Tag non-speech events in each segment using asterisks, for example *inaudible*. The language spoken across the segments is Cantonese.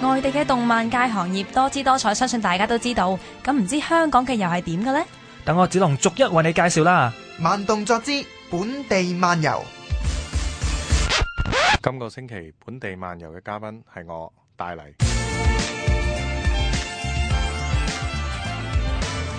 外地嘅動漫界行業多姿多彩，相信大家都知道。咁唔知香港嘅又係點嘅呢？等我子龍逐一為你介紹啦！慢動作之本地漫遊。今個星期本地漫遊嘅嘉賓係我大泥。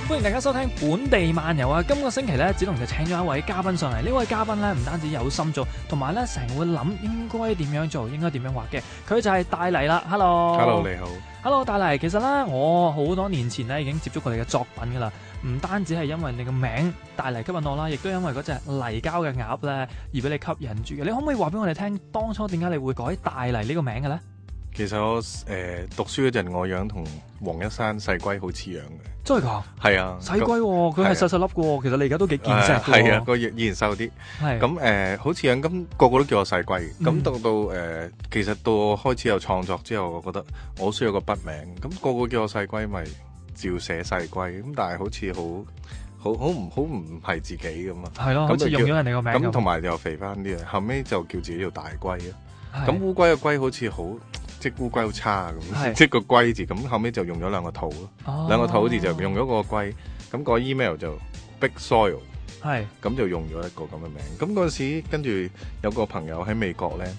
歡迎大家收聽本地漫遊啊！今個星期咧，子龍就請咗一位嘉賓上嚟。呢位嘉賓咧，唔單止有心做，同埋咧成日會諗應該點樣做，應該點樣畫嘅。佢就係大泥啦。Hello，Hello Hello, 你好，Hello 大泥。其實咧，我好多年前咧已經接觸過你嘅作品噶啦。唔單止係因為你個名大泥吸引我啦，亦都因為嗰隻泥膠嘅鴨咧而俾你吸引住嘅。你可唔可以話俾我哋聽當初點解你會改大泥呢個名嘅咧？其實我誒讀書嗰陣，我樣同黃一山細龜好似樣嘅，真係噶？係啊，細龜佢係細細粒嘅，其實你而家都幾健碩嘅。係啊，個以前瘦啲。係咁誒，好似樣咁，個個都叫我細龜。咁到到誒，其實到我開始有創作之後，我覺得我需要個筆名。咁個個叫我細龜，咪照寫細龜。咁但係好似好好好唔好唔係自己咁啊？係咯，即係用咗人哋個名。咁同埋又肥翻啲啊！後尾就叫自己叫大龜咯。咁烏龜嘅龜好似好。即烏龜好差咁，是即個龜字咁，後尾就用咗兩個土咯，哦、兩個土字就用咗個龜，咁、個 email 就 bigsoil，咁是就用咗一個咁嘅名。咁嗰陣時跟住有個朋友喺美國咧，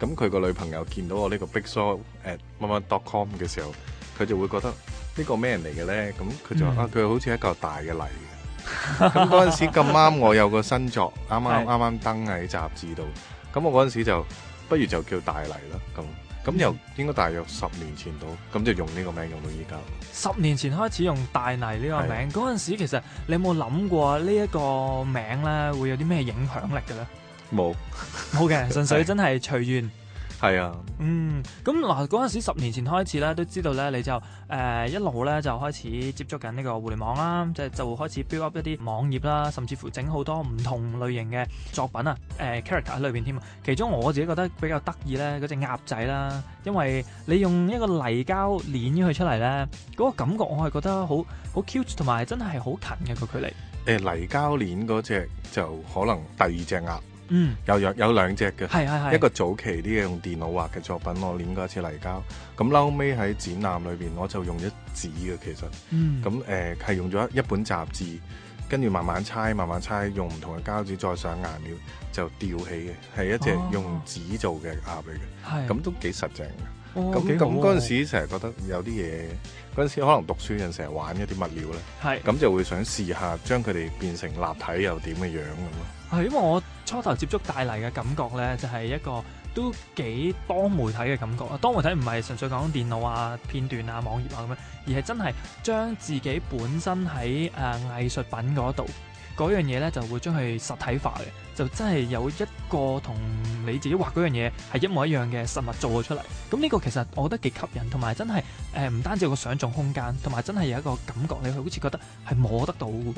咁佢個女朋友見到我呢個 bigsoil at 乜乜 dot com 嘅時候，佢就會覺得呢個咩人嚟嘅咧？咁佢就話、嗯、啊，佢好似一個大嘅泥。咁嗰陣時咁啱，我有個新作啱啱啱啱登喺雜誌度，咁我嗰陣時就不如就叫大泥啦咁。咁又應該大約十年前到，咁就用呢個名用到依家。十年前開始用大泥呢個名，嗰陣是的 時其實你有冇諗過呢一個名咧會有啲咩影響力嘅咧？冇沒有，冇嘅，純粹真係隨緣。係啊，嗯，咁嗱嗰陣時十年前開始咧，都知道咧，你就誒、呃、一路咧就開始接觸緊呢個互聯網啦，即係就開始 build up 一啲網頁啦，甚至乎整好多唔同類型嘅作品啊，誒、呃、character 喺裏邊添啊。其中我自己覺得比較得意咧，嗰隻鴨仔啦，因為你用一個泥膠鏈咗佢出嚟咧，嗰、那個感覺我係覺得好好 cute，同埋真係好近嘅、那個距離。誒、呃、泥膠鏈嗰隻就可能第二隻鴨。嗯有，有兩有兩隻嘅，係係係一個早期啲嘢用電腦畫嘅作品，我捻過一次泥膠。咁撈尾喺展覽裏邊，我就用咗紙嘅其實，咁誒係用咗一,一本雜誌，跟住慢慢猜，慢慢猜，用唔同嘅膠紙再上顏料，就吊起嘅，係一隻用紙做嘅鴨嚟嘅，咁都幾實淨嘅。咁嗰陣時成日覺得有啲嘢，嗰陣時可能讀書人成日玩一啲物料咧，咁係就會想試下將佢哋變成立體又點嘅樣咁咯。係因為我初頭接觸帶嚟嘅感覺咧，就係、係、一個都幾多媒體嘅感覺啊！多媒體唔係純粹講電腦啊、片段啊、網頁啊咁樣，而係真係將自己本身喺、啊、藝術品嗰度嗰樣嘢咧，就會將佢實體化嘅。就真係有一個同你自己畫嗰樣嘢係一模一樣嘅實物做咗出嚟，咁呢個其實我覺得幾吸引，同埋真係唔單止有個想像空間，同埋真係有一個感覺，你好似覺得係摸得到喎。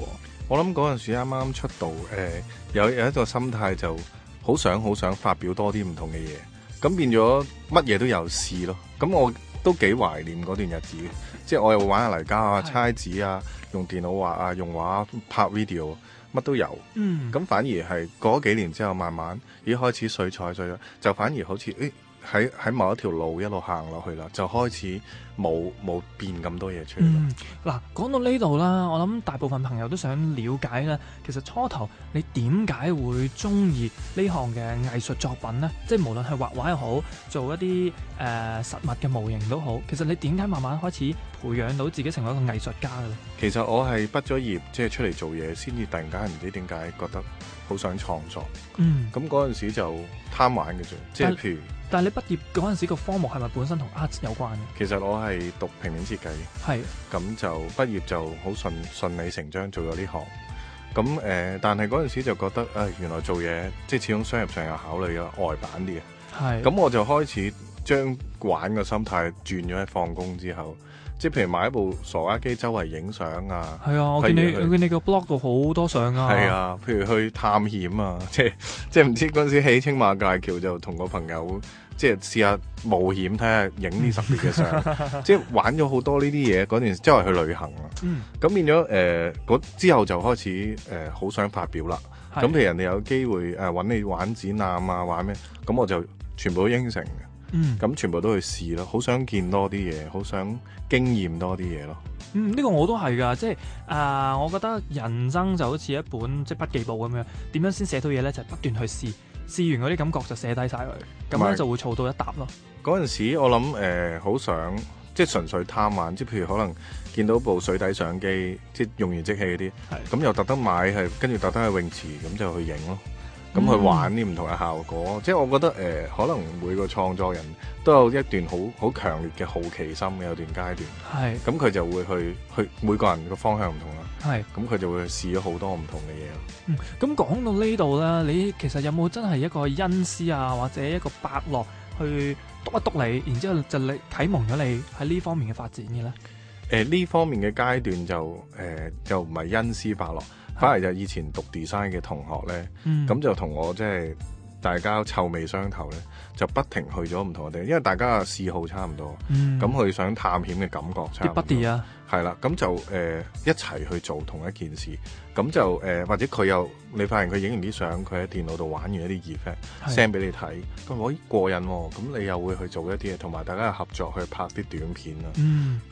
我諗嗰陣時啱啱出道，有、呃、有一個心態就好想好想發表多啲唔同嘅嘢，咁變咗乜嘢都有試咯。咁我都幾懷念嗰段日子，即係我又玩下泥膠啊、的猜紙啊、用電腦畫啊、用畫、啊、拍 video。乜都有，咁、嗯、反而係過咗幾年之後，慢慢已經開始水彩水咗，就反而好似誒，哎喺喺某一條路一路行落去啦，就開始冇冇變咁多嘢出嚟。嗱、嗯，講到呢度啦，我諗大部分朋友都想了解咧。其實初頭你點解會中意呢行嘅藝術作品呢？即係無論係畫畫又好，做一啲誒，實物嘅模型都好。其實你點解慢慢開始培養到自己成為一個藝術家嘅呢？其實我係畢咗業，即係出嚟做嘢先至，突然間唔知點解覺得好想創作。嗯，咁嗰陣時就貪玩嘅啫，即係譬如。但但係你畢業嗰陣時個科目係咪本身同 art 有關嘅？其實我係讀平面設計，咁是就畢業就好順，順理成章做咗呢行。咁、呃、但係嗰陣時就覺得、呃、原來做嘢即係始終商業上有考慮咯，外版啲嘅。咁是我就開始。將玩嘅心態轉咗喺放工之後，即係譬如買一部傻瓜機，周圍影相啊。係啊，我見你，我見你個 blog 好多相啊。係啊，譬如去探險啊，即係即係唔知嗰陣時起青馬大橋就同個朋友即係試下冒險，睇下影啲特別嘅相。即係 *laughs* 玩咗好多呢啲嘢，嗰段時周圍去旅行啊。嗯。咁變咗誒，嗰、呃、之後就開始誒好、呃、想發表啦。咁是譬如人哋有機會誒搵、呃、你玩展覽啊，玩咩？咁我就全部都應承。嗯，咁全部都去試咯，好想見多啲嘢，好想經驗多啲嘢咯。嗯，呢個我都係噶，即係、呃、我覺得人生就好似一本即係筆記簿咁樣，點樣先寫到嘢咧？就係、不斷去試，試完嗰啲感覺就寫低晒佢，咁樣就會儲到一沓咯。嗰陣、嗯、時我諗好想、呃、想即係純粹貪玩，即係譬如可能見到部水底相機，即係用完即棄嗰啲，咁的又特登買，跟住特登去泳池咁就去影咯。咁去、嗯、玩啲唔同嘅效果，即係我覺得、呃、可能每個創作人都有一段好好強烈嘅好奇心嘅有段階段，係咁佢就會去去每個人嘅方向唔同啦，係咁佢就會去試咗好多唔同嘅嘢。嗯，咁講到呢度啦，你其實有冇真係一個恩師啊，或者一個伯樂去篤一篤你，然之後就你啟蒙咗你喺呢方面嘅發展嘅咧？誒呢、呃、方面嘅階段就、呃、就唔係恩師伯樂。反而就以前讀 design 嘅同學咧，咁、嗯、就同我即係、就是、大家臭味相投咧，就不停去咗唔同嘅地方，因為大家嘅嗜好差唔多，咁去、嗯、想探險嘅感覺差唔多。係啦，咁就誒、呃、一齊去做同一件事，咁就誒、呃、或者佢又，你發現佢影完啲相，佢喺電腦度玩完一啲 effect send 俾的你睇，佢可以過癮喎、哦。咁你又會去做一啲嘢，同埋大家又合作去拍啲短片啦。咁、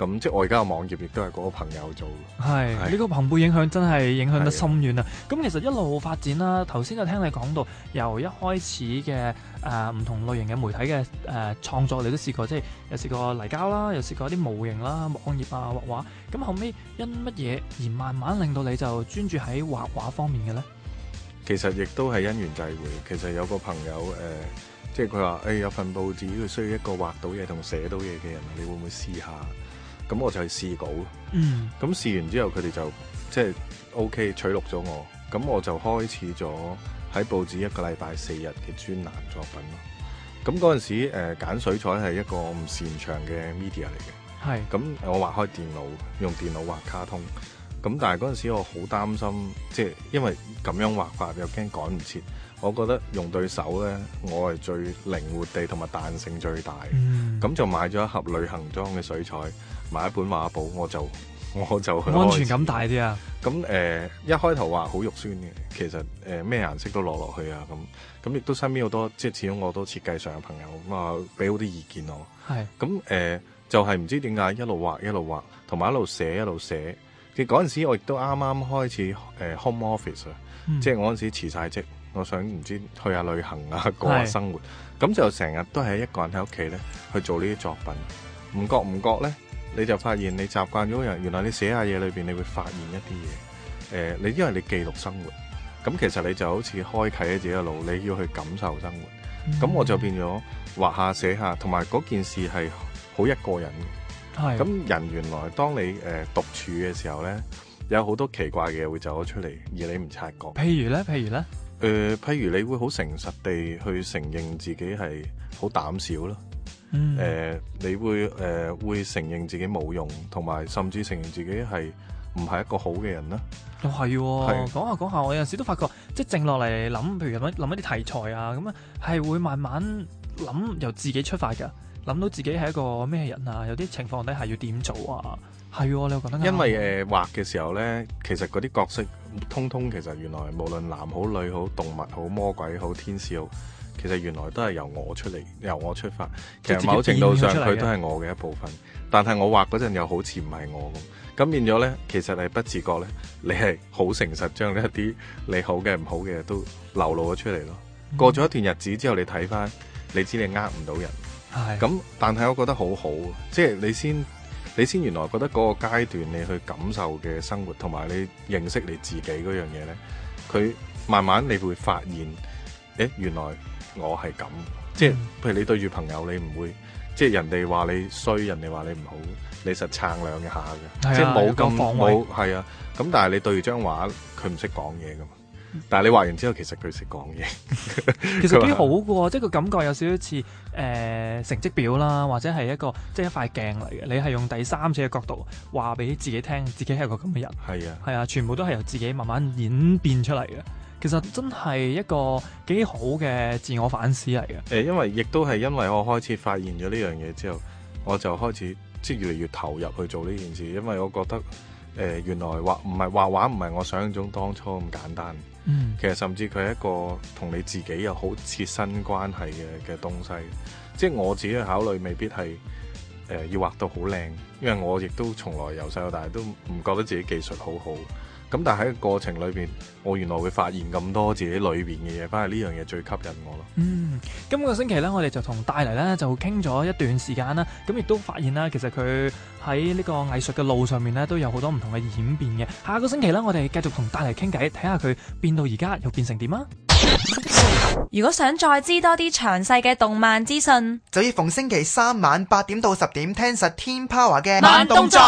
嗯、即係我而家嘅網頁亦都係嗰個朋友做嘅。係呢是的個朋輩影響真係影響得深遠啊！咁的其實一路發展啦、啊，頭先就聽你講到由一開始嘅。誒唔、呃、同類型嘅媒體嘅誒、呃、創作，你都試過，即係又試過泥膠啦，又試過啲模型啦、木網頁啊、畫畫。咁後尾因乜嘢而慢慢令到你就專注喺畫畫方面嘅咧？其實亦都係因緣際會。其實有個朋友誒、呃，即係佢話誒，有份報紙，佢需要一個畫到嘢同寫到嘢嘅人，你會唔會試下？咁我就去試稿。嗯。咁試完之後他，佢哋就即係 OK 取錄咗我。咁我就開始咗喺報紙一個禮拜四日嘅專欄作品咯。咁嗰陣時呃、揀水彩係一個唔擅長嘅 media 嚟嘅。係是。咁我畫開電腦，用電腦畫卡通。咁但係嗰陣時我好擔心，即係因為咁樣畫法又驚趕唔切。我覺得用對手咧，我係最靈活地同埋彈性最大。嗯、咁就買咗一盒旅行裝嘅水彩，買一本畫簿，我就。我就去安全感大啲啊！咁誒、呃、一開頭畫好肉酸嘅，其實誒咩、呃、顏色都落落去啊！咁咁亦都身邊好多，即係始終我都設計上嘅朋友咁啊，俾好啲意見我。係咁誒，就係、是、唔知點解一路畫一路畫，同埋一路寫一路寫。即嗰陣時候我亦都啱啱開始誒、呃、home office 啊、嗯，即係我嗰陣時辭曬職，我想唔知去下旅行啊，過下生活。咁是就成日都係一個人喺屋企咧去做呢啲作品，唔覺唔覺咧。你就發現你習慣咗人，原來你寫下嘢裏邊，你會發現一啲嘢。誒，你因為你記錄生活，咁其實你就好似開啟咗自己嘅腦，你要去感受生活。咁我就變咗畫下寫下，同埋嗰件事係好一個人嘅。係。咁人原來當你誒獨處嘅時候咧，有好多奇怪嘅嘢會走咗出嚟，而你唔察覺。譬如咧，譬如咧。誒，譬如你會好誠實地去承認自己係好膽小咯。嗯，誒，你會誒會承認自己冇用，同埋甚至承認自己係唔係一個好嘅人咧？又係喎，講下講下，我有陣時都發覺，即係靜落嚟諗，譬如諗諗一啲題材啊，咁樣，係會慢慢諗由自己出發嘅，諗到自己係一個咩人啊？有啲情況底下要點做啊？係喎，你有冇覺得？因為誒畫嘅時候咧，其實嗰啲角色通通其實原來無論男好女好，動物好，魔鬼好，天使好。其實原來都係由我出嚟，由我出發。其實某程度上佢都係我嘅一部分，但係我畫嗰陣又好似唔係我咁，咁變咗呢，其實你不自覺呢，你係好誠實將一啲你好嘅、唔好嘅都流露咗出嚟咯。嗯。過咗一段日子之後，你睇翻，你知你呃唔到人。係。咁但係我覺得好好，即係你先，你先原來覺得嗰個階段你去感受嘅生活，同埋你認識你自己嗰樣嘢呢，佢慢慢你會發現，誒原來。我係咁，即係、嗯、譬如你對住朋友你唔會，就是，你唔會即係人哋話你衰，人哋話你唔好，你實撐兩下嘅，即係冇咁冇。係啊，咁、啊、但係你對住張畫，佢唔識講嘢噶嘛？但係你畫完之後，其實佢識講嘢。 *laughs* 其實幾好嘅喎，即係個感覺有少少似誒成績表啦，或者係一個即係、就是、一塊鏡嚟嘅。你係用第三者嘅角度話俾自己聽，自己係個咁嘅人。係啊，係啊，全部都係由自己慢慢演變出嚟嘅。其實真係一個幾好嘅自我反思嚟嘅。誒，因為亦都係因為我開始發現咗呢樣嘢之後我就開始即係、就是、越嚟越投入去做呢件事。因為我覺得誒、呃，原來，畫唔係畫畫唔係我想象中當初咁簡單。嗯、其實甚至佢係一個同你自己有好切身關係嘅嘅東西。即、就、係、是、我自己去考慮，未必係、呃、要畫到好靚。因為我亦都從來由細到大都唔覺得自己技術好好。咁但係喺個過程裏邊，我原來會發現咁多自己裏邊嘅嘢，反而呢樣嘢最吸引我咯。嗯，今個星期呢，我哋就同大泥咧就傾咗一段時間啦。咁亦都發現啦，其實佢喺呢個藝術嘅路上面呢，都有好多唔同嘅演變嘅。下個星期呢，我哋繼續同大泥傾偈，睇下佢變到而家又變成點啊！如果想再知多啲詳細嘅動漫資訊，就要逢星期三晚八點到十點聽實天 power 嘅慢動作。